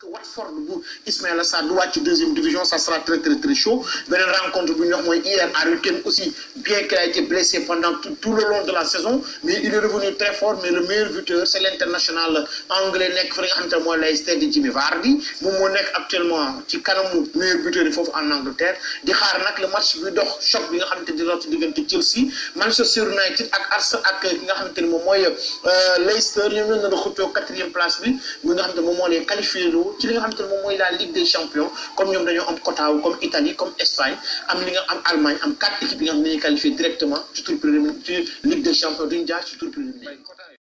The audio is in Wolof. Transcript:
que Watford bu Ismaël Sarr du wacc deuxième division ça sera très très très chaud beneen rencontre bu wax hier à aussi bien qu'il a été blessé pendant tout, tout le long de la saison mais il est revenu très fort mais le meilleur buteur c'est l'international anglais nek fa nga xam te Leicester de Jimmy Vardy moom moo nekk actuellement ci kanamu meilleur buteur fofu en Angleterre di xaar nak le match bu dox choc bi nga xam te di dox ci Chelsea Manchester United ak Arsenal ak ki nga xam te moy euh, Leicester ñu ñu nar a 4 quatrième place bi bi nga xam te mo moo leen qualifié ci li nga xamante ne moom mooy la Ligue des champions comme ñoom dañoo am quota wu comme Italie comme Espagne am li nga am Allemagne am quatre équipes yi nga xam ne qualifié directement ci tour préliminaire ci Ligue des champions du jaar ci tour préliminaire